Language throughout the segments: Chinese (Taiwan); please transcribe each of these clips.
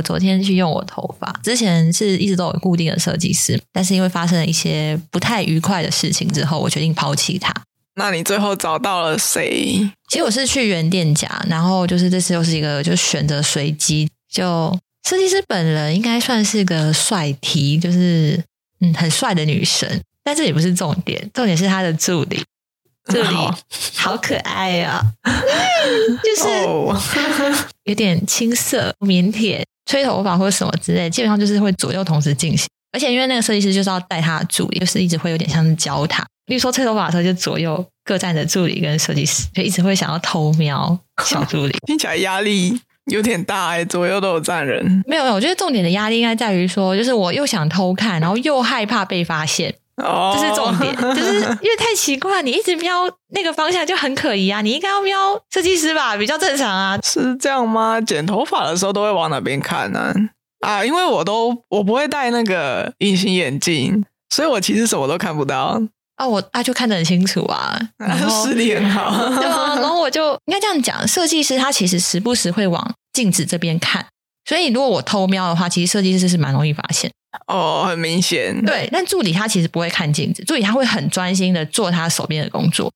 我昨天去用我頭髮，之前是一直都有固定的設計師，但是因為發生了一些不太愉快的事情之後，我決定拋棄他。那你最後找到了誰？其實我是去原店家，然後就是這次又是一個就選擇隨機，就設計師本人應該算是個帥 T，就是嗯很帥的女神，但這也不是重點，重點是他的助理，助理、哦、好可愛呀、哦， 就是、哦、 有點青澀靦腆。吹頭髮或者什麼之類，基本上就是會左右同時進行。而且因為那個設計師就是要帶他的助理，就是一直會有點像是教他。例如說吹頭髮的時候，就左右各站着助理跟設計師，就一直會想要偷瞄小助理。聽起來壓力有點大哎、欸，左右都有站人。沒有沒有，我覺得重點的壓力應該在於說，就是我又想偷看，然後又害怕被發現。哦，這是重點，就是因為太奇怪，你一直瞄那個方向就很可疑啊！你應該要瞄設計師吧，比較正常啊，是這樣嗎？剪頭髮的時候都會往哪邊看呢？啊？啊，因為我都我不會戴那個隱形眼鏡，所以我其實什麼都看不到啊。我啊，就看得很清楚啊，然後視力 很好，嗯，對啊。然後我就應該這樣講，設計師他其實時不時會往鏡子這邊看，所以如果我偷瞄的話，其實設計師是蠻容易發現的。哦、oh,，很明顯對。對，但助理他其實不會看鏡子，助理他會很專心的做他手邊的工作。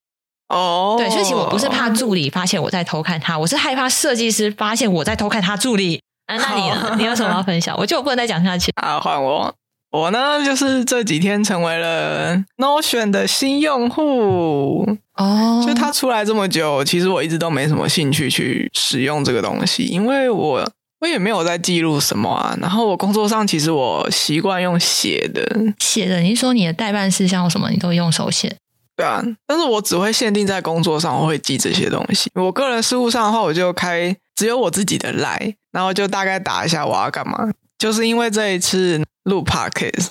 哦、oh.，對，所以其實我不是怕助理發現我在偷看他，我是害怕設計師發現我在偷看他助理。啊、那你，啊 oh. 你有什麼要分享？我就不能再講下去啊，換我。我呢，就是這幾天成為了 Notion 的新用戶。哦、oh.，就他出來這麼久，其實我一直都沒什麼興趣去使用這個東西，因為我。我也沒有在記錄什麼啊，然後我工作上其實我習慣用寫的寫的。你說你的待辦事項有什麼，你都用手寫？對啊，但是我只會限定在工作上，我會記這些東西。我個人事務上的話，我就開只有我自己的 Line，然後就大概打一下我要幹嘛。就是因為這一次錄 Podcast。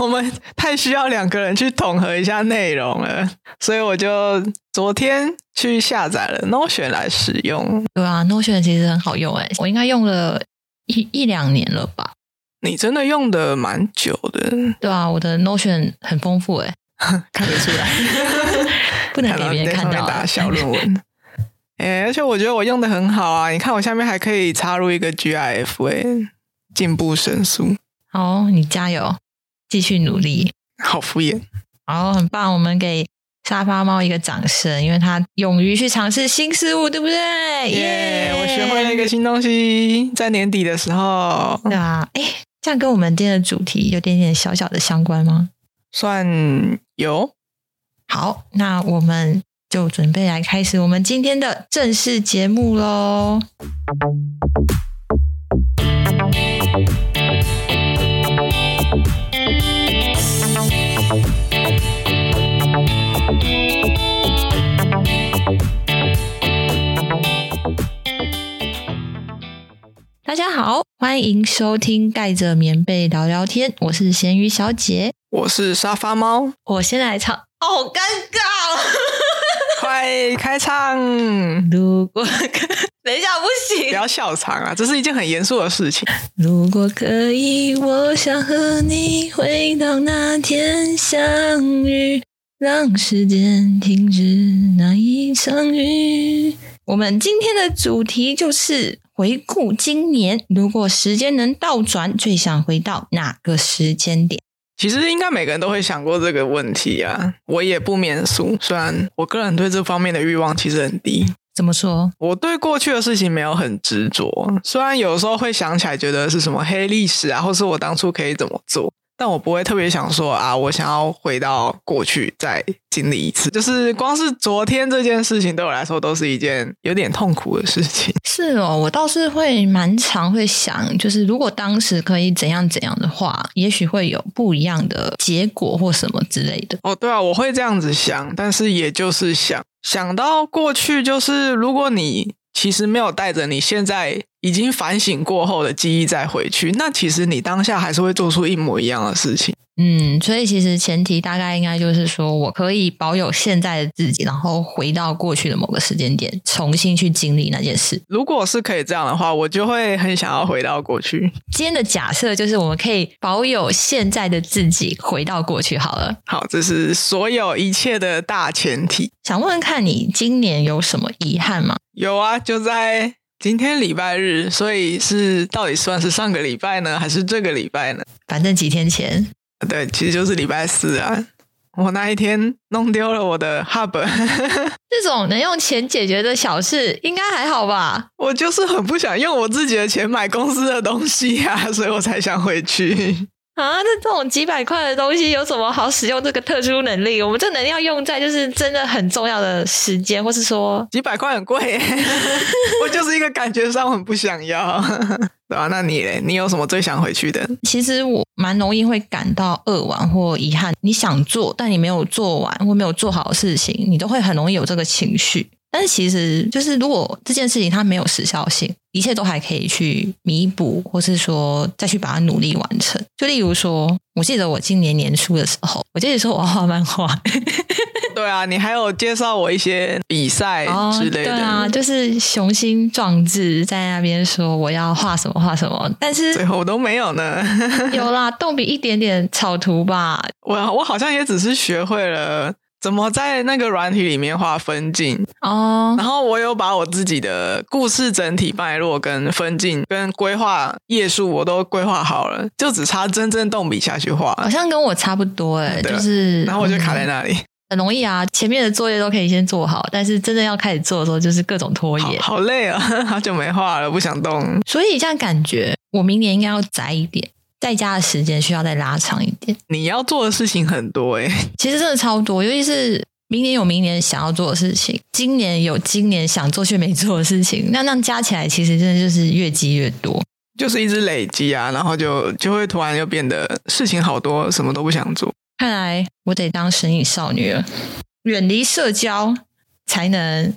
我們太需要兩個人去統合一下內容了，所以我就昨天去下載了 Notion 來使用，對啊，Notion 其實很好用哎、欸，我應該用了一一兩年了吧？你真的用的蠻久的，對啊，我的 Notion 很豐富哎、欸， 看得出來， 不能給別人看到，看到小論文。哎、 欸，而且我覺得我用的很好啊，你看我下面還可以插入一個 GIF 哎、欸，進步神速，好哦，你加油。繼續努力，好敷衍，好，很棒！我們給沙發貓一個掌聲，因為它勇於去嘗試新事物，對不對？耶、yeah, yeah！我學會了一個新東西，在年底的時候，對吧？哎，這樣跟我們今天的主題有點點小小的相關嗎？算有。好，那我們就準備來開始我們今天的正式節目嘍。大家好，歡迎收聽蓋着棉被聊聊天。我是鹹魚小姐，我是沙發貓。我先來唱，哦、好尷尬， 快開唱。如果 等一下不行，不要笑場啊，這是一件很嚴肅的事情。如果可以，我想和你回到那天相遇，讓時間停止那一場雨。 我們今天的主題就是。回顧今年，如果時間能倒轉，最想回到哪個時間點？其實應該每個人都會想過這個問題啊。我也不免俗，雖然我個人對這方面的欲望其實很低。怎麼說？我對過去的事情沒有很執着，雖然有時候會想起來，覺得是什麼黑歷史啊，或是我當初可以怎麼做。但我不會特別想說啊，我想要回到過去再經歷一次。就是光是昨天這件事情，對我來說都是一件有點痛苦的事情。是哦，我倒是會蠻常會想，就是如果當時可以怎樣怎樣的話，也許會有不一樣的結果或什麼之類的。哦，對啊，我會這樣子想，但是也就是想想到過去，就是如果你其實沒有帶着你現在。已經反省過後的記憶再回去，那其實你當下還是會做出一模一樣的事情。嗯，所以其實前提大概應該就是說我可以保有現在的自己，然後回到過去的某個時間點，重新去經歷那件事。如果是可以這樣的話，我就會很想要回到過去。今天的假設就是我們可以保有現在的自己，回到過去好了。好，這是所有一切的大前提。想問問看你今年有什麼遺憾嗎？有啊，就在。今天禮拜日，所以是到底算是上個禮拜呢，還是這個禮拜呢？反正幾天前，對，其實就是禮拜四啊。我那一天弄丟了我的 Hub， 這種能用錢解決的小事，應該還好吧？我就是很不想用我自己的錢買公司的東西呀、啊，所以我才想回去。啊，這這種幾百塊的東西有什麼好使用這個特殊能力？我們這能力要用在就是真的很重要的時間，或是說幾百塊很貴耶， 我就是一個感覺上很不想要， 對吧、啊？那你咧，你有什麼最想回去的？其實我蠻容易會感到扼腕或遺憾。你想做，但你沒有做完或沒有做好的事情，你都會很容易有這個情緒。但是其實就是，如果這件事情它沒有時效性，一切都還可以去彌補，或是說再去把它努力完成。就例如說，我記得我今年年初的時候，我記得說我要畫漫畫。對啊，你還有介紹我一些比賽之類的。哦，對啊，就是雄心壯志在那邊說我要畫什麼畫什麼，但是最後我都沒有呢。有啦，動筆一點點草圖吧。我我好像也只是學會了。怎麼在那個軟體裡面畫分鏡？哦、oh，然後我有把我自己的故事整體脈絡、跟分鏡、跟規劃頁數，我都規劃好了，就只差真正動筆下去畫。好像跟我差不多、欸，哎，就是，然後我就卡在那裡、嗯。很容易啊，前面的作業都可以先做好，但是真正要開始做的時候，就是各種拖延。好，好累啊，好久沒畫了，不想動。所以這樣感覺，我明年應該要宅一點。在家的時間需要再拉長一點。你要做的事情很多哎、欸，其實真的超多，尤其是明年有明年想要做的事情，今年有今年想做卻沒做的事情，那那加起來其實真的就是越積越多，就是一直累積啊，然後就就會突然又變得事情好多，什麼都不想做。看來我得當神隱少女了，遠離社交才能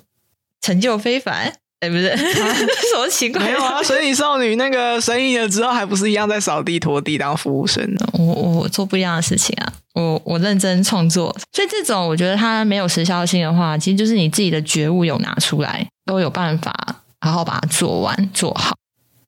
成就非凡。哎、欸，不是， 什麼情況？沒有啊，神隱少女那個神隱了之後，還不是一樣在掃地拖地當服務生呢？我我做不一樣的事情啊，我我認真創作，所以這種我覺得它沒有時效性的話，其實就是你自己的覺悟有拿出來，都有辦法，然後把它做完做好。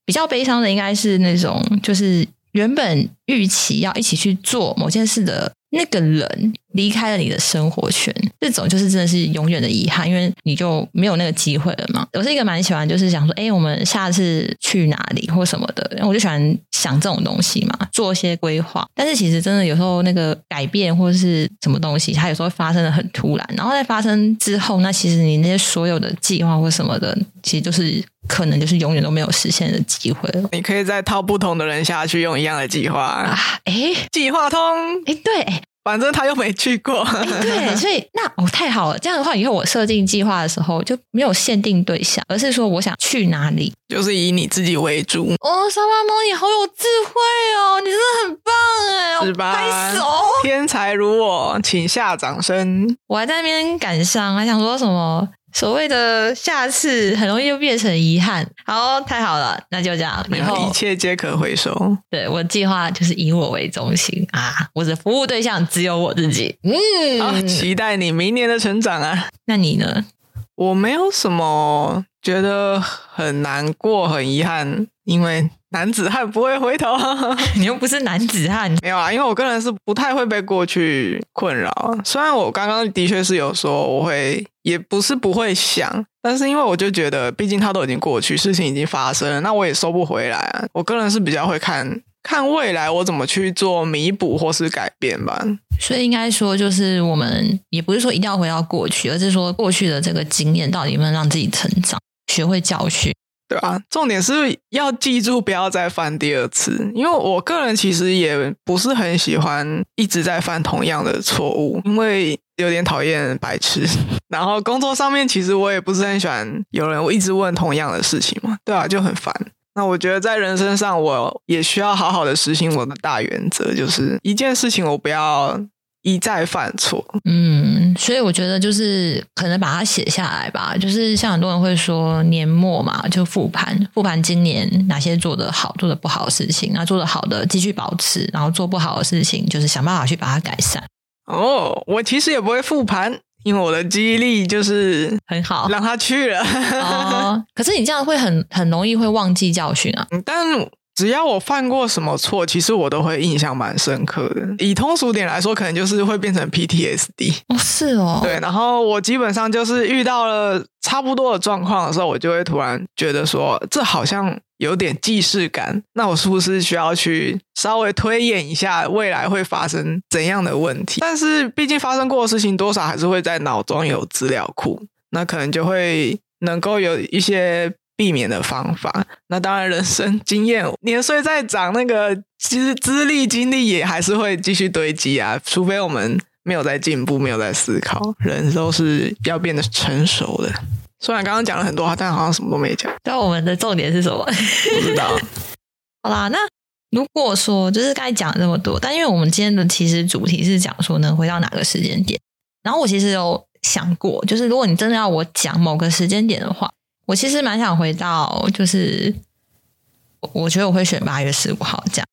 比較悲傷的應該是那種，就是原本預期要一起去做某件事的。那個人離開了你的生活圈，這種就是真的是永遠的遺憾，因為你就沒有那個機會了嘛。我是一個蠻喜歡，就是想說，哎、欸，我們下次去哪裡或什麼的，我就喜歡想這種東西嘛，做一些規劃。但是其實真的有時候那個改變或者是什麼東西，它有時候發生的很突然，然後在發生之後，那其實你那些所有的計劃或什麼的，其實就是。可能就是永遠都沒有實現的機會了。你可以再套不同的人下去用一樣的計劃啊！哎、欸，計劃通！哎、欸，對，反正他又沒去過。欸、對，所以那哦，太好了！這樣的話，以後我設定計劃的時候就沒有限定對象，而是說我想去哪裡，就是以你自己為主。哦，沙發貓，你好有智慧哦！你真的很棒哎！是吧、拍手，天才如我，請下掌聲。我還在那邊感傷，還想說什麼？所謂的下次很容易就變成遺憾。好，太好了，那就這樣，沒以後一切皆可回收。對，我的計劃就是以我為中心啊，我的服務對象只有我自己。嗯，好，期待你明年的成長啊。那你呢？我沒有什麼覺得很難過、很遺憾，因為男子漢不會回頭。 你又不是男子漢， 沒有啊，因為我個人是不太會被過去困擾。雖然我剛剛的確是有說我會，也不是不會想，但是因為我就覺得，畢竟它都已經過去，事情已經發生了，那我也收不回來啊。我個人是比較會看。看未來我怎麼去做彌補或是改變吧。所以應該說，就是我們也不是說一定要回到過去，而是說過去的這個經驗到底能不能讓自己成長、學會教訓，對啊，重點是要記住，不要再犯第二次。因為我個人其實也不是很喜歡一直在犯同樣的錯誤，因為有點討厭白痴。然後工作上面，其實我也不是很喜歡有人我一直問同樣的事情嘛，對啊，就很煩。那我覺得在人生上，我也需要好好的實行我的大原則，就是一件事情我不要一再犯錯。嗯，所以我覺得就是可能把它寫下來吧，就是像很多人會說年末嘛，就復盤，復盤今年哪些做得好、做得不好的事情。那做得好的繼續保持，然後做不好的事情就是想辦法去把它改善。哦，我其實也不會復盤。因為我的記憶力就是很好，讓他去了。哦，可是你這樣會很很容易會忘記教訓啊。但只要我犯過什麼錯，其實我都會印象蠻深刻的。以通俗點來說，可能就是會變成 PTSD。哦，是哦，對。然後我基本上就是遇到了差不多的狀況的時候，我就會突然覺得說，這好像。有點既視感，那我是不是需要去稍微推演一下未來會發生怎樣的問題？但是畢竟發生過的事情，多少還是會在腦中有資料庫，那可能就會能夠有一些避免的方法。那當然，人生經驗、年歲再長，那個資資歷、經歷也還是會繼續堆積啊。除非我們沒有在進步，沒有在思考，人都是要變得成熟的。雖然剛剛講了很多話，但好像什麼都沒講。但我們的重點是什麼？不知道。 好啦,那如果說就是該講這麼多，但因為我們今天的其實主題是講說能回到哪個時間點，然後我其實有想過，就是如果你真的要我講某個時間點的話，我其實蠻想回到，就是我覺得我會選八月十五號這樣。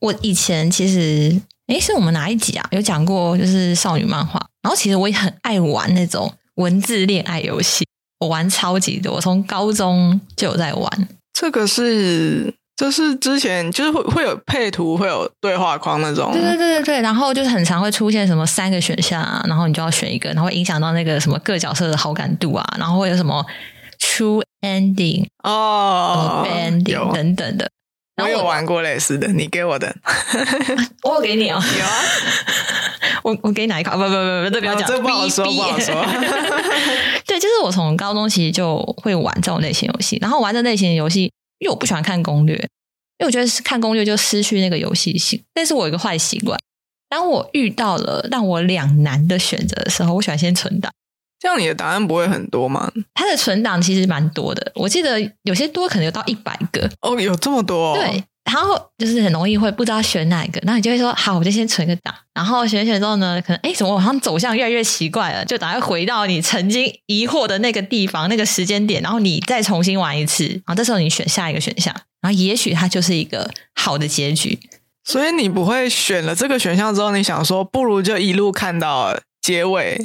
我以前其實誒，是我們哪一集啊？有講過就是少女漫畫，然後其實我也很愛玩那種文字戀愛遊戲。我玩超級多，我從高中就有在玩。這個是就是之前就是會會有配圖，會有對話框那種。對對對對對，然後就是很常會出現什麼三個選項啊，然後你就要選一個，然後會影響到那個什麼各角色的好感度啊，然後會有什麼 true ending 哦、哦 ending 等等的。我有玩過類似的，你給我的， 我給你哦，有啊，我 我給你拿一個，不不不不，這不要講，哦、這不好說不好說。 對，就是我從高中其實就會玩這種類型遊戲，然後玩這類型的遊戲，因為我不喜歡看攻略，因為我覺得是看攻略就失去那個遊戲性。但是我有一個壞習慣，當我遇到了讓我兩難的選擇的時候，我喜歡先存檔。這樣你的答案不會很多嗎？它的存檔其實蠻多的，我記得有些多，可能有到一百個哦，有這麼多、哦。對，然後就是很容易會不知道選哪一個，那你就會說好，我就先存個檔。然後選一選之後呢，可能哎，怎麼往上走向越來越奇怪了？就大概回到你曾經疑惑的那個地方、那個時間點，然後你再重新玩一次。然後這時候你選下一個選項，然後也許它就是一個好的結局。所以你不會選了這個選項之後，你想說不如就一路看到結尾。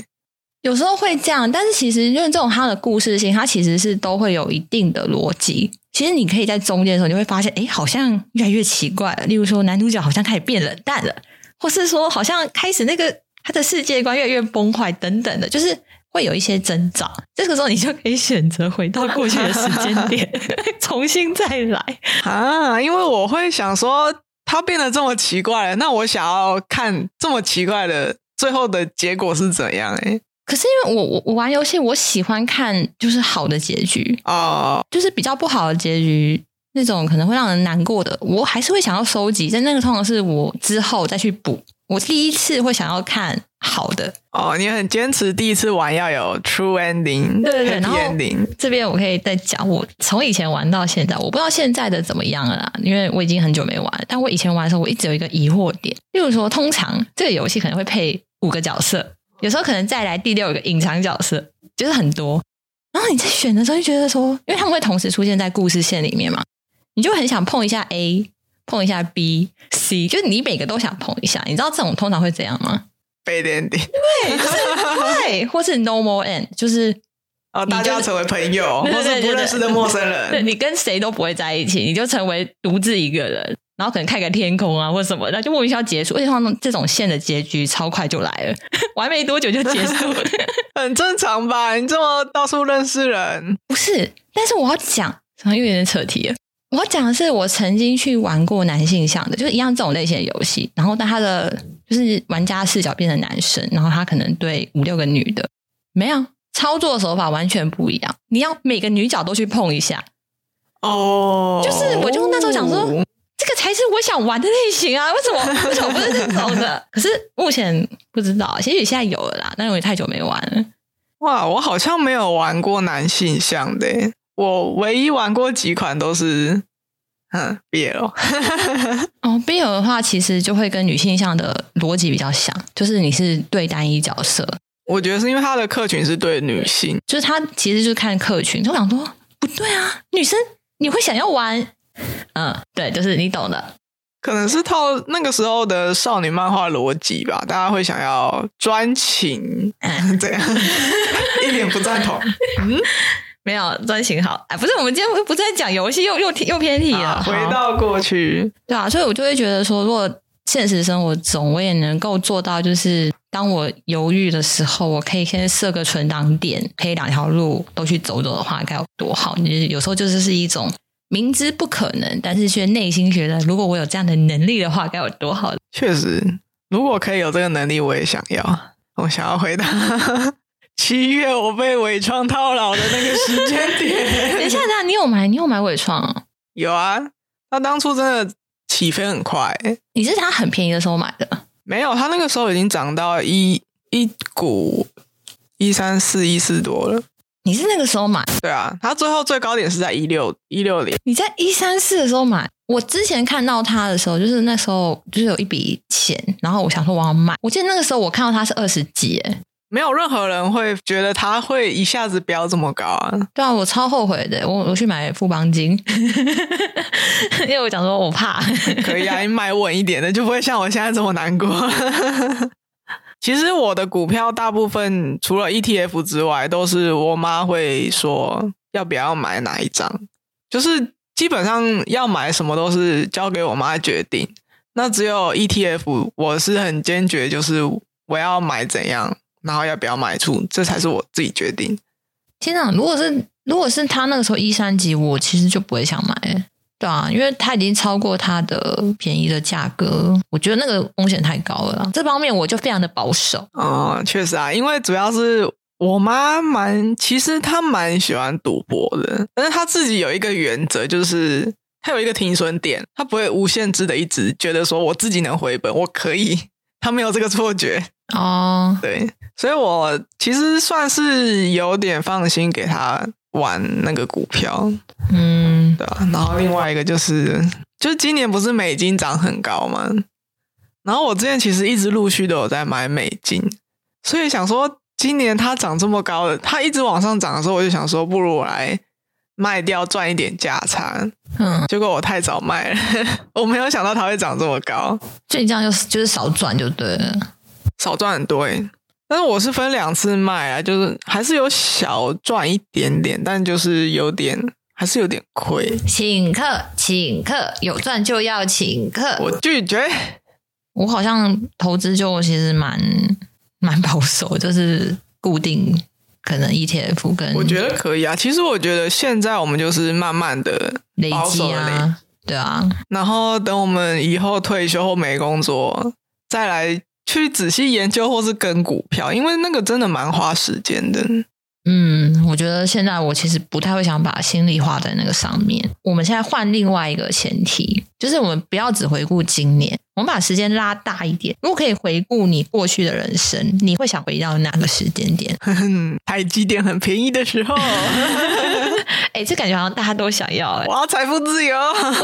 有時候會這樣，但是其實因為這種它的故事性，它其實是都會有一定的邏輯。其實你可以在中間的時候，你會發現，誒、欸、好像越來越奇怪了。例如說，男主角好像開始變冷淡了，或是說，好像開始那個他的世界觀越來越崩壞等等的，就是會有一些增長。這個時候，你就可以選擇回到過去的時間點，啊、 重新再來啊！因為我會想說，他變得這麼奇怪了，那我想要看這麼奇怪的最後的結果是怎樣、欸？誒可是因為我我我玩遊戲，我喜歡看就是好的結局哦，oh. 就是比較不好的結局那種可能會讓人難過的，我還是會想要收集。但那個通常是我之後再去補。我第一次會想要看好的哦，oh, 你很堅持第一次玩要有 true ending，對對對，ending 然後這邊我可以再講，我從以前玩到現在，我不知道現在的怎麼樣了啦，因為我已經很久沒玩。但我以前玩的時候，我一直有一個疑惑點，例如說，通常這個遊戲可能會配五個角色。有時候可能再來第六個隱藏角色，就是很多，然後你在選的時候就覺得說，因為他們會同時出現在故事線裡面嘛，你就很想碰一下 A，碰一下 B、C，就是你每個都想碰一下。你知道這種通常會怎樣嗎？Bad ending，對，是，對，或是 Normal End，就是。哦、就是，大家成為朋友，對對對對對，或者不認識的陌生人，對對對對對對對，你跟誰都不會在一起，你就成為獨自一個人，然後可能看個天空啊，或什麼，那就莫名其妙結束。而且這種線的結局超快就來了？玩沒多久就結束了。 很正常吧？你這麼到處認識人，不是？但是我要講，因為有點扯題了。我要講的是，我曾經去玩過男性向的，就是一樣這種類型的遊戲，然後當他的就是玩家視角變成男生，然後他可能對五六個女的，沒有。操作的手法完全不一樣，你要每個女角都去碰一下哦。Oh, 就是，我就那時候想說，oh. 這個才是我想玩的類型啊！為什麼為什麼不是這種的？ 可是目前不知道，也許現在有了啦，那因為太久沒玩了。哇、wow,，我好像沒有玩過男性向的，我唯一玩過幾款都是嗯，BL 哦 oh,，BL 的話其實就會跟女性向的邏輯比較像，就是你是對單一角色。我覺得是因為他的客群是對女性，就是他其實就是看客群，就想說不對啊，女生你會想要玩，嗯，對，就是你懂的，可能是套那個時候的少女漫畫邏輯吧，大家會想要專情，這、哎、樣 一點不贊同，嗯，沒有專情好，哎，不是，我們今天不是在講遊戲，又又又偏題了、啊，回到過去，對啊，所以我就會覺得說，如果現實生活中我也能夠做到，就是。當我猶豫的時候，我可以先設個存檔點，可以兩條路都去走走的話，該有多好！你、就是、有時候就是是一種明知不可能，但是卻內心覺得，如果我有這樣的能力的話，該有多好。確實，如果可以有這個能力，我也想要。我想要回到 七月，我被緯創套牢的那個時間點 等。等一下，你有買？你有買緯創？有啊，那當初真的起飛很快、欸。你是他很便宜的時候買的？沒有，他那個時候已經漲到一一股一三四一四多了。你是那個時候買？對啊，他最後最高點是在一六一六年。你在一三四的時候買？我之前看到他的時候，就是那時候就是有一筆錢，然後我想說我要買。我記得那個時候我看到他是二十幾誒。沒有任何人會覺得他會一下子飆這麼高啊！對啊，我超後悔的。我我去買富邦金， 因為我想說我怕。可以啊，你買穩一點的，就不會像我現在這麼難過。 其實我的股票大部分除了 ETF 之外，都是我媽會說要不要買哪一張，就是基本上要買什麼都是交給我媽決定。那只有 ETF，我是很堅決，就是我要買怎樣。然後要不要買出？這才是我自己決定。天哪！如果是如果是他那個時候一三級，我其實就不會想買，欸，對啊，因為他已經超過他的便宜的價格，我覺得那個風險太高了啦。這方面我就非常的保守。嗯、哦，確實啊，因為主要是我媽蠻，其實她蠻喜歡賭博的，但是她自己有一個原則，就是她有一個停損點，她不會無限制的一直覺得說我自己能回本，我可以，她沒有這個錯覺哦，對。所以我其實算是有點放心給他玩那個股票，嗯，對啊，然後另外一個就是，就是今年不是美金漲很高嗎？然後我之前其實一直陸續都有在買美金，所以想說今年它漲這麼高了，它一直往上漲的時候，我就想說不如我來賣掉賺一點價差。嗯，結果我太早賣了， 我沒有想到它會漲這麼高，所以這樣就就是少賺就對了，少賺很多欸但是我是分兩次賣啊，就是還是有小賺一點點，但就是有點，還是有點虧。請客，請客，有賺就要請客。我拒絕。我好像投資就其實蠻蠻保守，就是固定可能 ETF 跟。我覺得可以啊，其實我覺得現在我們就是慢慢的累積啊，對啊，然後等我們以後退休後沒工作再來。去仔細研究或是跟股票，因為那個真的蠻花時間的。嗯，我覺得現在我其實不太會想把心力花在那個上面。我們現在換另外一個前提，就是我們不要只回顧今年，我們把時間拉大一點。如果可以回顧你過去的人生，你會想回到哪個時間點？哼哼，台積電很便宜的時候。 哎、欸，這感覺好像大家都想要哎、欸，我要財富自由，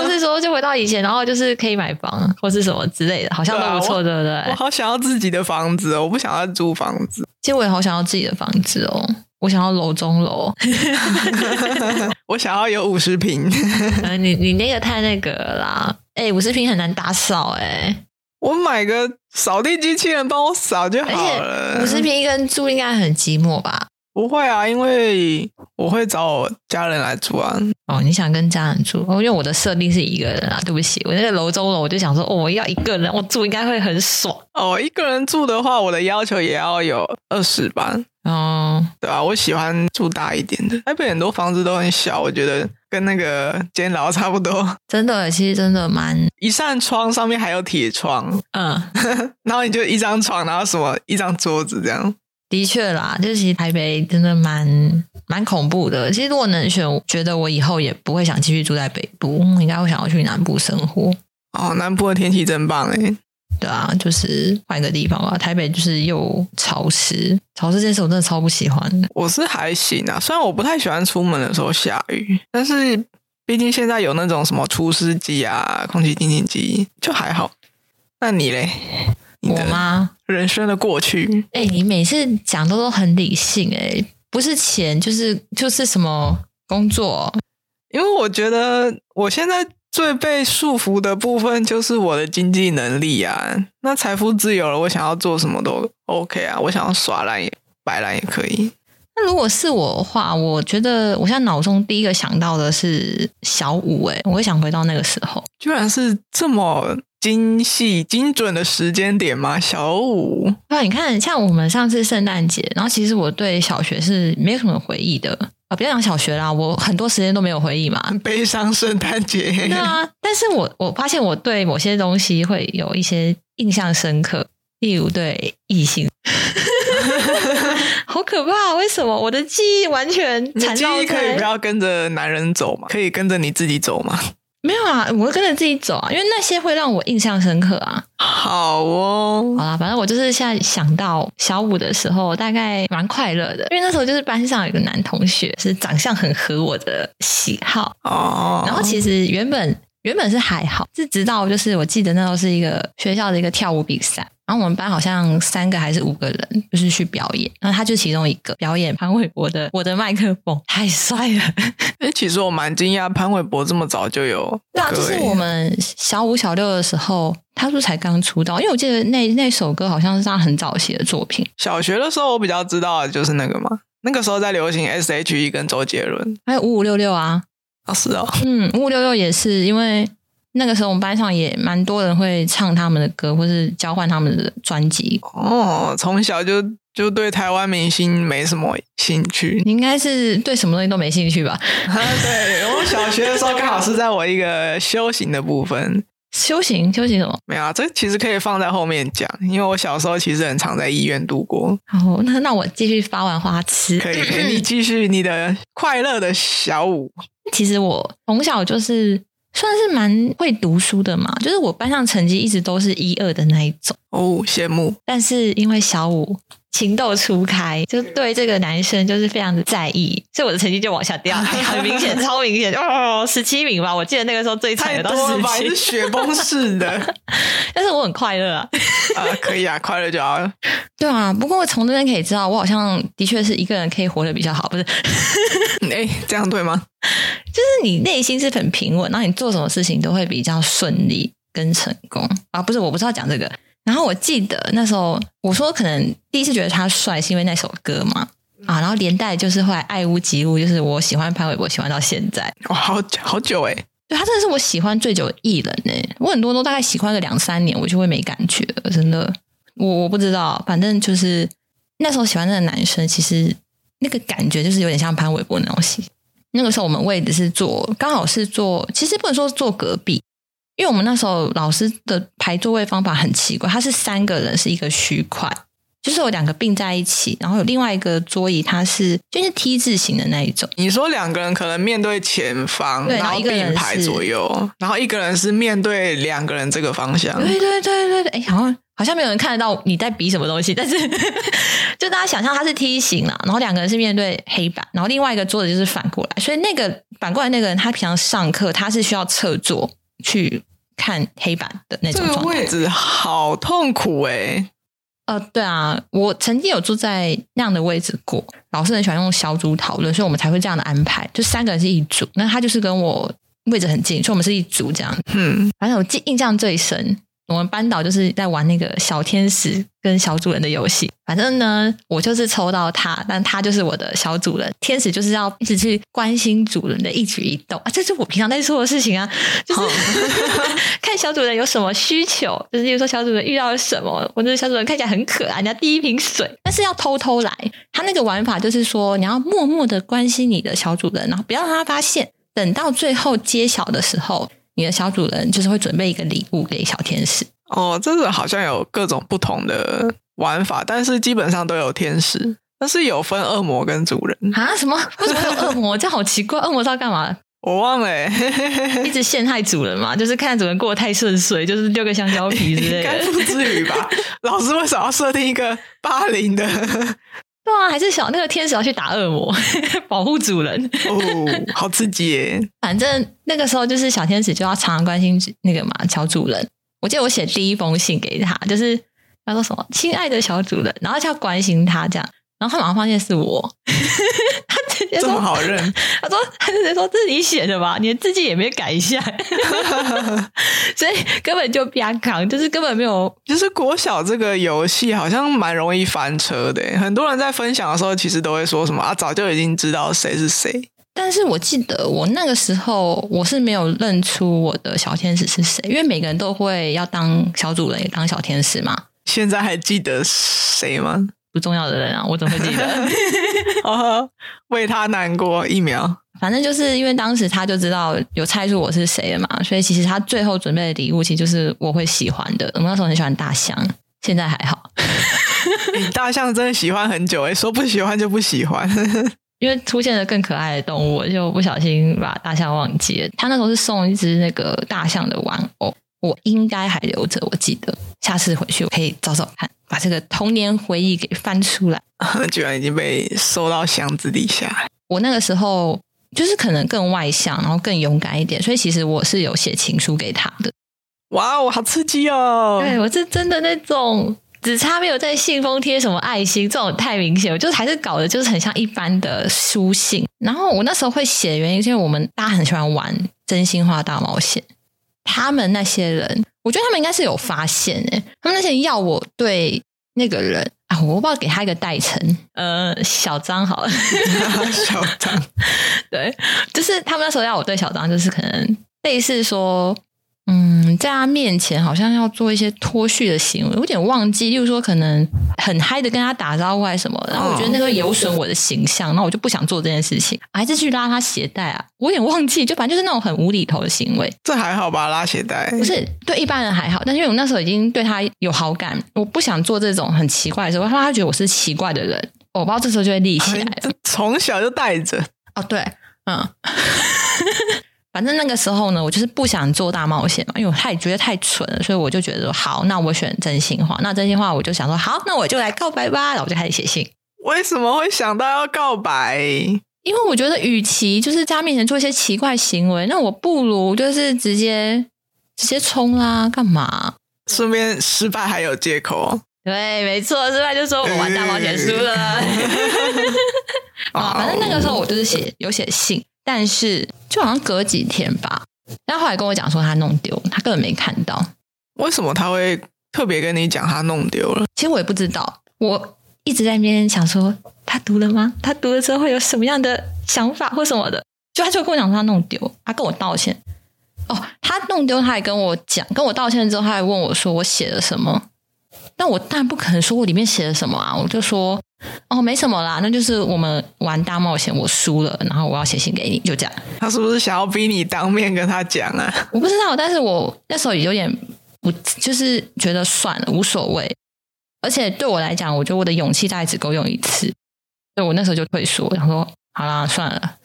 不是說就回到以前，然後就是可以買房或是什麼之類的，好像都不錯，啊，對不對？我好想要自己的房子，我不想要租房子。其實我也好想要自己的房子哦，我想要樓中樓， 我想要有五十坪。 你你那個太那個了啦，哎、欸，五十坪很難打掃哎、欸。我買個掃地機器人幫我掃就好了。五十坪一個人住應該很寂寞吧？不會啊，因為我會找我家人來住啊。哦，你想跟家人住？哦，因為我的設定是一個人啊，對不起，我那個樓中樓，我就想說，哦，我要一個人，我住應該會很爽。哦，一個人住的話，我的要求也要有二十吧。哦，對吧？我喜歡住大一點的，那邊很多房子都很小，我覺得跟那個監牢差不多。真的，其實真的蠻，一扇窗上面還有鐵窗。嗯， 然後你就一張床，然後什麼一張桌子這樣。的確啦，就是其實台北真的蠻蠻恐怖的。其實如果我能選，我覺得我以後也不會想繼續住在北部，應該會想要去南部生活。哦，南部的天氣真棒哎！對啊，就是換個地方吧。台北就是又潮濕，潮濕這件事我真的超不喜歡的。我是還行啊，雖然我不太喜歡出門的時候下雨，但是畢竟現在有那種什麼除濕機啊、空氣清新機，就還好。那你嘞？我嗎？人生的過去。哎、欸，你每次講都都很理性，欸，哎，不是錢就是就是什麼工作，因為我覺得我現在最被束縛的部分就是我的經濟能力啊。那財富自由了，我想要做什麼都 OK 啊，我想要耍賴白爛也可以。那如果是我的話，我覺得我現在腦中第一個想到的是小五，哎，我會想回到那個時候，居然是這麼。精細、精準的時間點嗎？小五，那、啊、你看，像我們上次聖誕節，然後其實我對小學是沒什麼回憶的啊。不要講小學啦，我很多時間都沒有回憶嘛。悲傷聖誕節，對啊。但是我我發現我對某些東西會有一些印象深刻，例如對異性， 好可怕！為什麼我的記憶完全殘留？你記憶可以不要跟着男人走嘛？可以跟着你自己走嗎？沒有啊，我會跟着自己走啊，因為那些會讓我印象深刻啊。好哦，好啦，反正我就是現在想到小五的時候，大概蠻快樂的，因為那時候就是班上有一個男同學是長相很合我的喜好哦、oh，然後其實原本原本是還好，是直到就是我記得那時候是一個學校的一個跳舞比賽。然後我們班好像三個還是五個人，就是去表演。然後他就其中一個表演潘瑋柏的《我的麥克風》，太帥了！ 哎，其實我蠻驚訝，潘瑋柏這麼早就有。對啊，就是我們小五、小六的時候，他是不是才剛出道？因為我記得那那首歌好像是他很早寫的作品。小學的時候我比較知道的就是那個嘛，那個時候在流行 S H E 跟周杰倫，還有五五六六啊，是啊、哦，嗯，五五六六也是因為。那個時候，我們班上也蠻多人會唱他們的歌，或是交換他們的專輯。哦，從小就就對台灣明星沒什麼興趣，應該是對什麼東西都沒興趣吧？啊、對，我小學的時候，剛好是在我一個修行的部分， 修行修行什麼？沒有啊，這其實可以放在後面講，因為我小時候其實很常在醫院度過。好，那那我繼續發完花痴，可以，你繼續你的快樂的小舞、嗯。其實我從小就是。算是蠻會讀書的嘛，就是我班上成績一直都是一二的那一種。哦，羨慕。但是因為小五。情竇初開，就對這個男生就是非常的在意，所以我的成績就往下掉，很明顯，超明顯，哦，十七名吧，我記得那個時候最慘的到十七是雪崩式的， 但是我很快樂啊，啊，可以啊，快樂就好了， 對啊，不過我從這邊可以知道，我好像的確是一個人可以活得比較好，不是，哎、 欸，這樣對嗎？就是你內心是很平穩，那你做什麼事情都會比較順利跟成功啊，不是，我不是要講這個。然後我記得那時候，我說可能第一次覺得他帥是因為那首歌嘛，啊，然後連帶就是後來愛屋及烏，就是我喜歡潘瑋柏，喜歡到現在哇、哦，好久好久誒、欸、對他真的是我喜歡最久的藝人誒、欸、我很多都大概喜歡個兩三年，我就會沒感覺了，真的，我我不知道，反正就是那時候喜歡那個男生，其實那個感覺就是有點像潘瑋柏那東西。那個時候我們位置是坐，剛好是坐，其實不能說坐隔壁。因為我們那時候老師的排座位方法很奇怪，他是三個人是一個區塊，就是有兩個並在一起，然後有另外一個桌椅，它是就是 T 字形的那一種。你說兩個人可能面對前方，然後，並然後一個人排左右，然後一個人是面對兩個人這個方向。對對對對對，哎，好像好像沒有人看得到你在比什麼東西，但是 就大家想象他是 T 型了，然後兩個人是面對黑板，然後另外一個桌子就是反過來，所以那個反過來那個人他平常上課他是需要側坐，去看黑板的那種狀態，這個、位置，好痛苦誒、欸。呃，對啊，我曾經有坐在那樣的位置過。老師很喜歡用小組討論，所以我們才會這樣的安排，就三個人是一組。那他就是跟我位置很近，所以我們是一組這樣。嗯，反正我記印象最深。我們班導就是在玩那個小天使跟小主人的遊戲，反正呢，我就是抽到他，但他就是我的小主人。天使就是要一直去關心主人的一舉一動啊，這是我平常在做的事情啊，哦、就是 看小主人有什麼需求，就是比如說小主人遇到了什麼，我覺得小主人看起來很可愛，人家第一瓶水，但是要偷偷來。他那個玩法就是說，你要默默的關心你的小主人，然後不要讓他發現，等到最後揭曉的時候。你的小主人就是會準備一個禮物給小天使哦，這個好像有各種不同的玩法，但是基本上都有天使，但是有分惡魔跟主人啊？什麼？為什麼有惡魔？ 這好奇怪，惡魔是要幹嘛？我忘了、欸， 一直陷害主人嘛，就是看主人過得太順遂，就是丟個香蕉皮之類的，應該不至於吧？ 老師為什麼要設定一個霸凌的？對啊，還是小，那個天使要去打惡魔，保護主人。哦，好刺激耶！反正那個時候就是小天使就要常常關心那個嘛，小主人。我記得我寫第一封信給他，就是他說什麼“親愛的小主人”，然後就要關心他這樣。然後他馬上發現是我， 他直接說這麼好認，他說：“他直接說這是你寫的吧？你的字跡也沒改一下， 所以根本就不要扛，就是根本沒有。”就是國小這個遊戲好像蠻容易翻車的，很多人在分享的時候，其實都會說什麼：“啊，早就已經知道誰是誰。”但是我記得我那個時候，我是沒有認出我的小天使是誰，因為每個人都會要當小主人、也當小天使嘛。現在還記得誰嗎？不重要的人啊，我怎麼會記得？ 哦、為他難過一秒。反正就是因為當時他就知道有猜出我是誰了嘛，所以其實他最後準備的禮物其實就是我會喜歡的。我們那時候很喜歡大象，現在還好。 大象真的喜歡很久誒、欸，說不喜歡就不喜歡。 因為出現了更可愛的動物，就不小心把大象忘記了。他那時候是送一隻那個大象的玩偶。我應該還留着，我記得下次回去我可以找找看，把這個童年回憶給翻出來，居然已經被收到箱子底下。我那個時候就是可能更外向，然後更勇敢一點，所以其實我是有寫情書給他的。哇哦，好刺激哦！對，我是真的那種，只差沒有在信封貼什麼愛心，這種太明顯，我就是還是搞的就是很像一般的書信。然後我那時候會寫原因，就是我們大家很喜歡玩真心話大冒險。他們那些人，我覺得他們應該是有發現誒、欸。他們那些人要我對那個人啊，我不知道給他一個代稱，呃，小張好了， 小張，對，就是他們那時候要我對小張，就是可能類似說。嗯，在他面前好像要做一些脫序的行為，我有點忘記，就是說可能很嗨的跟他打招呼啊什麼、哦，然後我覺得那個有損我的形象，那我就不想做這件事情，還是去拉他鞋帶啊，我有點忘記，就反正就是那種很無厘頭的行為，這還好吧？拉鞋帶。不是，對一般人還好，但是因為我那時候已經對他有好感，我不想做這種很奇怪的時候，怕他覺得我是奇怪的人、哦，我不知道這時候就會立起來了。從、哎、小就帶着哦，對，嗯。 反正那個時候呢，我就是不想做大冒險嘛，因為我太覺得太蠢了，所以我就覺得說，好，那我選真心話。那真心話我就想說，好，那我就來告白吧。然後我就開始寫信。為什麼會想到要告白？因為我覺得，與其就是在他面前做一些奇怪行為，那我不如就是直接直接衝啦，幹嘛？順便失敗還有借口啊？對，沒錯，失敗就是說我玩大冒險輸了。 反正那個時候我就是寫有寫信。但是就好像隔幾天吧，然後後來跟我講說他弄丟，他根本沒看到。為什麼他會特別跟你講他弄丟了？其實我也不知道。我一直在那邊想說他讀了嗎？他讀了之後會有什麼樣的想法或什麼的？就他就跟我講說他弄丟，他跟我道歉。哦，他弄丟，他還跟我講，跟我道歉之後，他還問我說我寫了什麼？但我當然不可能說我裡面寫了什麼啊，我就說。哦，沒什麼啦，那就是我們玩大冒險，我輸了，然後我要寫信給你，就這樣。他是不是想要逼你當面跟他講啊？我不知道，但是我那時候也有點不，就是覺得算了，無所謂。而且對我來講，我覺得我的勇氣大概只夠用一次，所以我那時候就退縮，然後說好啦，算了。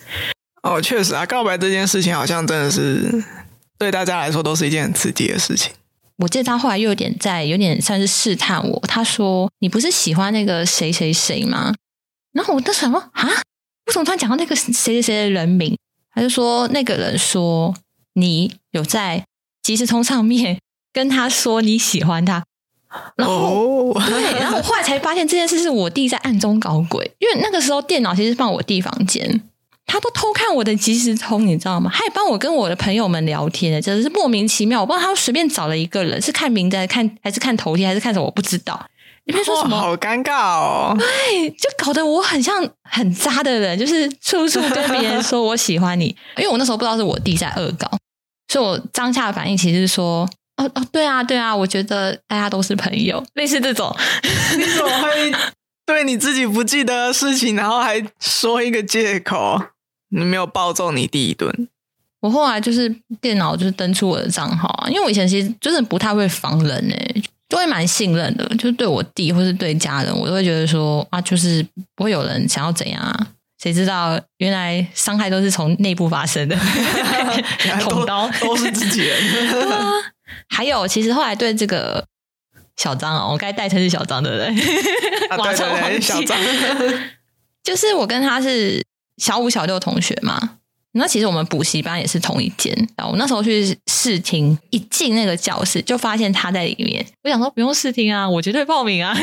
哦，確實啊，告白這件事情好像真的是對大家來說都是一件很刺激的事情。我記得他後來又有點在，有點算是試探我。他說：“你不是喜歡那個誰誰誰嗎？”然後我當時想說：“啊，為什麼突然講到那個誰誰誰的人名？”他就說：“那個人說你有在即時通上面跟他說你喜歡他。”然後，Oh. 對，然後我後來才發現這件事是我弟在暗中搞鬼，因為那個時候電腦其實放我弟房間。他都偷看我的即時通，你知道嗎？他也幫我跟我的朋友們聊天，真的是莫名其妙。我不知道他隨便找了一個人，是看名字看，還是看頭貼，還是看什麼？我不知道。你沒說什麼？好尷尬哦！對，就搞得我很像很渣的人，就是處處跟別人說我喜歡你。 因為我那時候不知道是我弟在惡搞，所以我當下的反應其實是說：“哦哦，對啊對啊，我覺得大家都是朋友。”類似這種， 你怎麼會對你自己不記得的事情，然後還說一個借口？你沒有暴揍你弟一頓？我後來就是電腦就是登出我的賬號啊，因為我以前其實真的不太會防人哎、欸，就會蠻信任的，就對我弟或是對家人，我都會覺得說啊，就是不會有人想要怎樣啊，誰知道原來傷害都是從內部發生的，捅 刀都，都是自己人， 對啊。還有其實後來對這個小張啊、喔，我該代稱是小張對不對？啊，對對對，小張， 就是我跟他是。小五、小六同學嘛，那其實我們補習班也是同一間。然後我那時候去試聽，一進那個教室就發現他在裡面。我想說不用試聽啊，我絕對報名啊！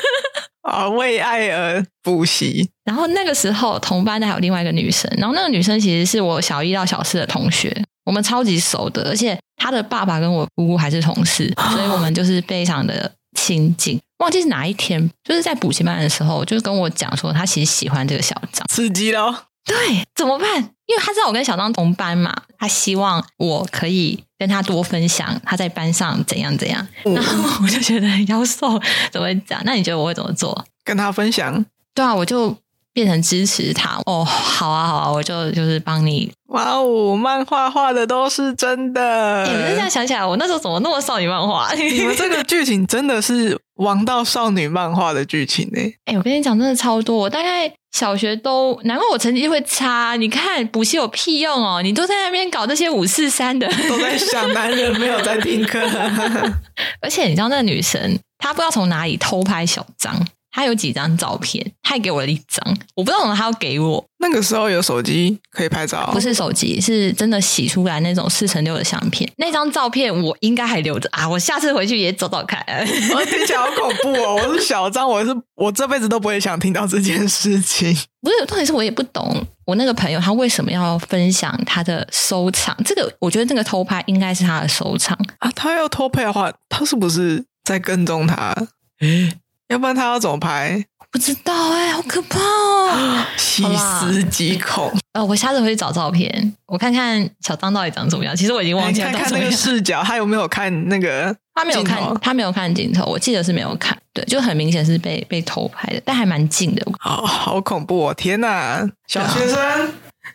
啊，為愛而補習。然後那個時候同班的還有另外一個女生，然後那個女生其實是我小一到小四的同學，我們超級熟的，而且她的爸爸跟我姑姑還是同事，所以我們就是非常的。心境忘記是哪一天，就是在補習班的時候，就是跟我講說他其實喜歡這個小張。刺激咯。對，怎麼辦？因為他知道我跟小張同班嘛，他希望我可以跟他多分享他在班上怎樣怎樣。嗯，然後我就覺得很妖獸，怎麼會這樣？那你覺得我會怎麼做？跟他分享？對啊，我就。變成支持他哦，好啊，好啊，我就就是幫你。哇哦，漫畫畫的都是真的！你、欸、我現在想起來，我那時候怎麼那麼少女漫畫、啊？你們這個劇情真的是王道少女漫畫的劇情呢、欸？哎、欸，我跟你講，真的超多。我大概小學都……難怪我成績會差。你看，補習有屁用哦！你都在那邊搞這些五四三的，都在想男人沒有在聽課、啊。 而且你知道那個女神，那女生她不知道從哪裡偷拍小張。他有幾張照片，他給我了一張，我不知道怎麼他要給我。那個時候有手機可以拍照，啊、不是手機，是真的洗出來那種四乘六的相片。那張照片我應該還留着啊，我下次回去也找找看。我聽起來好恐怖哦！ 我是小張，我是我這輩子都不會想聽到這件事情。不是，問題是我也不懂，我那個朋友他為什麼要分享他的收藏？這個我覺得這個偷拍應該是他的收藏啊。他要偷拍的話，他是不是在跟蹤他？ 要不然他要怎麼拍？不知道哎、欸，好可怕哦、喔，細思極恐。呃，我下次回去找照片，我看看小張到底長什麼樣。其實我已經忘記了，欸。看看那個視角，他有沒有看那個？他沒有看，他沒有看鏡頭。我記得是沒有看，對，就很明顯是被被偷拍的，但還蠻近的。好、哦、好恐怖！哦！天哪，小學生。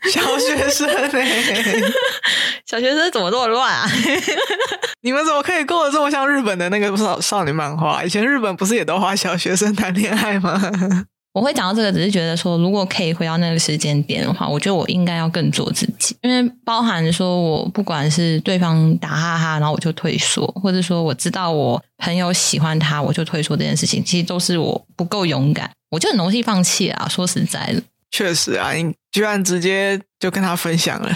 小學生哎、欸， 小學生怎麼這麼亂啊？ 你們怎麼可以過得這麼像日本的那個少少女漫畫？以前日本不是也都花小學生談戀愛嗎？我會講到這個，只是覺得說，如果可以回到那個時間點的話，我覺得我應該要更做自己。因為包含說我不管是對方打哈哈，然後我就退縮，或者說我知道我朋友喜歡他，我就退縮這件事情，其實都是我不夠勇敢，我就很容易放棄啊。說實在的，確實啊。居然直接就跟他分享了，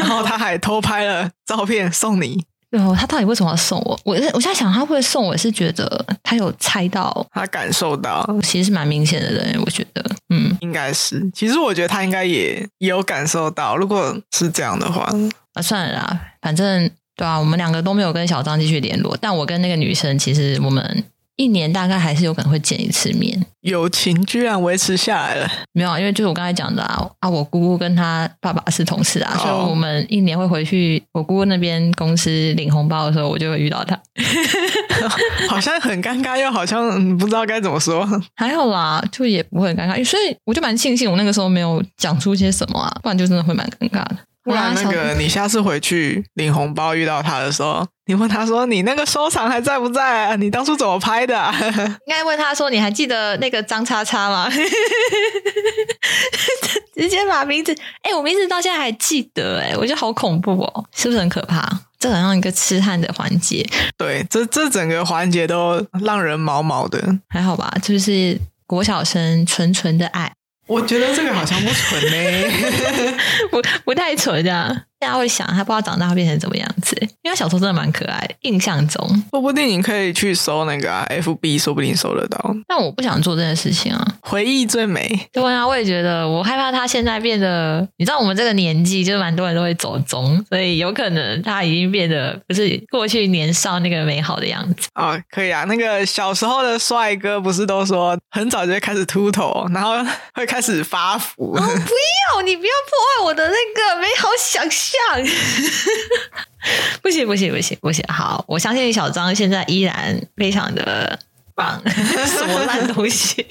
然後他還偷拍了照片送你。 然後他到底為什麼要送我？我我現在想，他會送我是覺得他有猜到，他感受到，其實蠻明顯的。人我覺得，嗯，應該是。其實我覺得他應該也，也有感受到。如果是這樣的話，啊，算了啦，反正對啊，我們兩個都沒有跟小張繼續聯絡。但我跟那個女生，其實我們。一年大概還是有可能會見一次面，友情居然維持下來了，沒有，啊，因為就是我剛才講的啊，啊，我姑姑跟她爸爸是同事啊，oh. 所以我們一年會回去我姑姑那邊公司領紅包的時候，我就會遇到他， 好像很尷尬，又好像不知道該怎麼說， 還好啦，就也不會很尷尬，所以我就蠻慶幸，幸我那個時候沒有講出些什麼啊，不然就真的會蠻尷尬的。不然，那個你下次回去領紅包遇到他的時候，你問他說：“你那個收藏還在不在、啊？你當初怎麼拍的、啊？”應該問他說：“你還記得那個張叉叉嗎？” 直接把名字，哎、欸，我名字到現在還記得、欸，哎，我覺得好恐怖哦、喔，是不是很可怕？這好像一個痴漢的環節。對，這這整個環節都讓人毛毛的。還好吧，就是國小生純純的愛。我覺得這個好像不純呢、欸， 不不太純，這樣。大家會想他不知道長大會變成怎麼樣子，因為小時候真的蠻可愛的。印象中，說不定你可以去搜那個、啊、FB，說不定搜得到。但我不想做這件事情啊。回憶最美，對啊，我也覺得。我害怕他現在變得，你知道，我們這個年紀就蠻多人都會走鐘，所以有可能他已經變得不是過去年少那個美好的樣子啊、哦。可以啊，那個小時候的帥哥不是都說很早就開始禿頭，然後會開始發福、哦？不要，你不要破壞我的那個美好想象。這 樣，不行不行不行不行！好，我相信小張現在依然非常的棒，什 麼爛東西，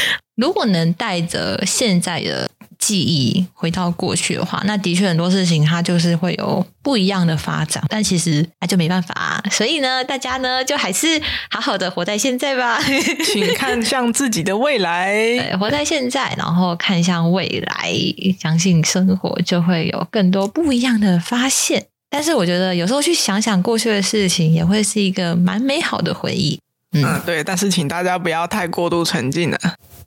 如果能帶着現在的。記憶回到過去的話，那的確很多事情它就是會有不一樣的發展，但其實那就沒辦法，啊，所以呢，大家呢就還是好好的活在現在吧， 請看向自己的未來，活在現在，然後看向未來，相信生活就會有更多不一樣的發現。但是我覺得有時候去想想過去的事情，也會是一個蠻美好的回憶。嗯、呃，對，但是請大家不要太過度沉浸了。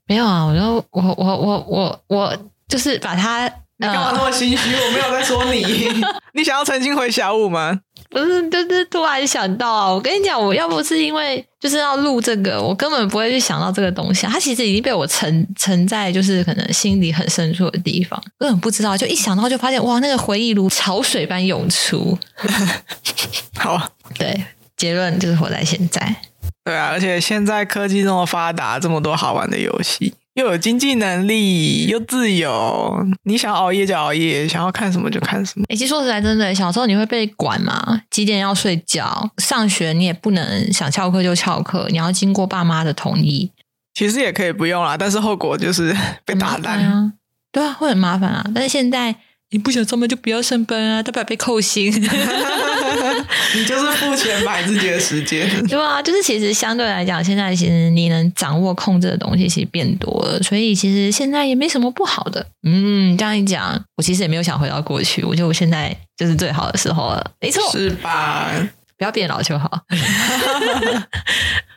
沒有啊，我覺我我我我我。我我我就是把它，你幹嘛那麼心虛、嗯？我沒有在說你， 你想要重新回小五嗎？不是，就是突然想到。我跟你講，我要不是因為就是要錄這個，我根本不會去想到這個東西。它其實已經被我存沉，沉在，就是可能心裡很深處的地方，根本不知道。就一想到，就發現哇，那個回憶如潮水般湧出。 好，對，結論就是活在現在。對啊，而且現在科技這麼發達，這麼多好玩的遊戲。又有經濟能力，又自由，你想熬夜就熬夜，想要看什麼就看什麼。哎、欸，其實說實在，真的，小時候你會被管嘛？幾點要睡覺？上學你也不能想翹課就翹課，你要經過爸媽的同意。其實也可以不用啦，但是後果就是被打爛啊！對啊，會很麻煩啊！但是現在。你不想上班就不要上班啊，大不了被扣薪。 你就是付錢買自己的時間。 對啊，就是其實相對來講，現在其實你能掌握控制的東西其實變多了，所以其實現在也沒什麼不好的。嗯，這樣一講，我其實也沒有想回到過去，我覺得我現在就是最好的時候了。沒錯。是吧？不要變老就好。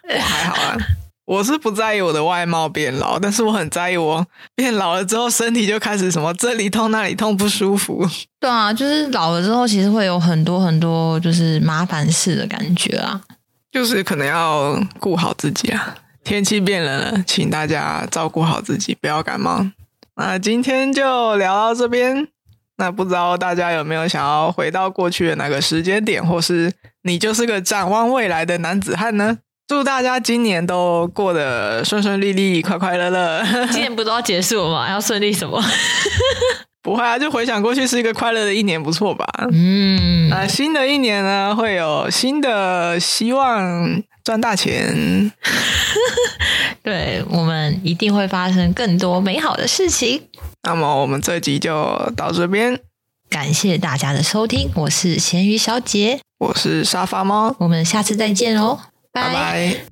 還好啊。我是不在意我的外貌變老，但是我很在意我變老了之後身體就開始什麼這裡痛那裡痛不舒服。對啊，就是老了之後，其實會有很多很多就是麻煩事的感覺啊。就是可能要顧好自己啊。天氣變冷了，請大家照顧好自己，不要感冒。那今天就聊到這邊。那不知道大家有沒有想要回到過去的哪個時間點，或是你就是個展望未來的男子漢呢？祝大家今年都過得順順利利、快快樂樂。今年不都要結束了嗎？要順利什麼？ 不會啊，就回想過去是一個快樂的一年，不錯吧？嗯。啊、呃，新的一年呢，會有新的希望，賺大錢。 對，我們一定會發生更多美好的事情。那麼，我們這集就到這邊，感謝大家的收聽。我是鹹魚小姐，我是沙發貓，我們下次再見哦。拜拜。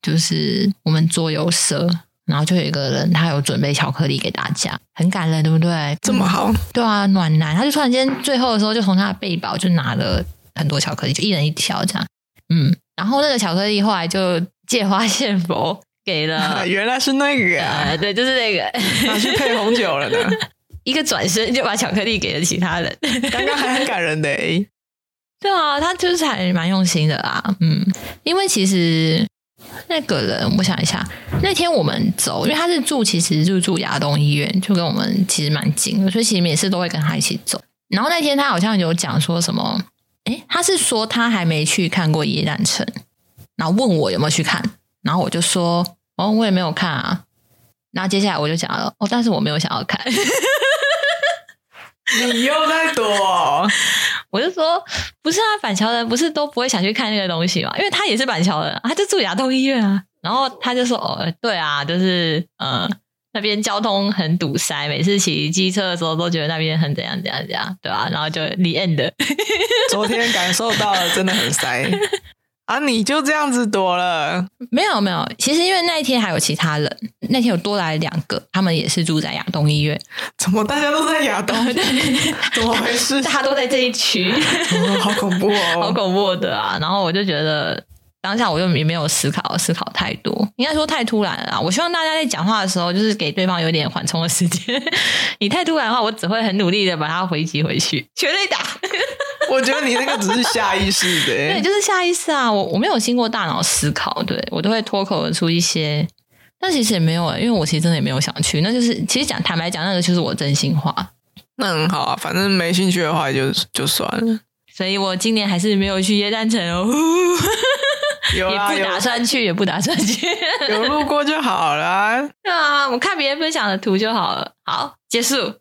就是我們桌遊社，然後就有一個人，他有準備巧克力給大家，很感人，對不對？這麼好，對啊，暖男，他就突然間最後的時候，就從他的背包就拿了。很多巧克力，就一人一條這樣。嗯，然後那個巧克力後來就借花獻佛給了，原來是那個啊，啊、呃，對，就是那個，拿去配紅酒了呢。一個轉身就把巧克力給了其他人，剛剛還很感人的、欸。對啊，他就是還蠻用心的啦。嗯，因為其實那個人，我想一下，那天我們走，因為他是住，其實就是住亞東醫院，就跟我們其實蠻近的，所以其實每次都會跟他一起走。然後那天他好像有講說什麼。哎，他是說他還沒去看過《野戰城》，然後問我有沒有去看，然後我就說哦，我也沒有看啊。然後接下來我就講了哦，但是我沒有想要看。 你又在躲？ 我就說不是啊，板橋人不是都不會想去看那個東西嘛，因為他也是板橋人啊，他就住亞東醫院啊。然後他就說哦，對啊，就是嗯。呃那邊交通很堵塞，每次騎機車的時候都覺得那邊很怎樣怎樣怎樣，對吧、啊？然後就 The End。昨天感受到了，真的很塞 啊！你就這樣子躲了？沒有沒有，其實因為那一天還有其他人，那天有多來兩個，他們也是住在亞東醫院。怎麼大家都在亞東醫院？ 怎麼回事？大家都在這一區、哦，好恐怖哦？好恐怖的啊！然後我就覺得。當下我又沒沒有思考，思考太多，應該說太突然了。我希望大家在講話的時候，就是給對方有點緩衝的時間。 你太突然的話，我只會很努力的把它回擊回去，全力打。 我覺得你那個只是下意識的、欸，對，就是下意識啊。我我沒有經過大腦思考，對我都會脫口而出一些。但其實也沒有、欸，因為我其實真的也沒有想去。那就是其實講，坦白講，那個就是我真心話。那很好啊，反正沒興趣的話就就算了。所以我今年還是沒有去耶誕城哦。呼呼有啊，不打算去，也不打算去，有啊，也不打算去 有路過就好了啊。是啊，我看別人分享的圖就好了。好，結束。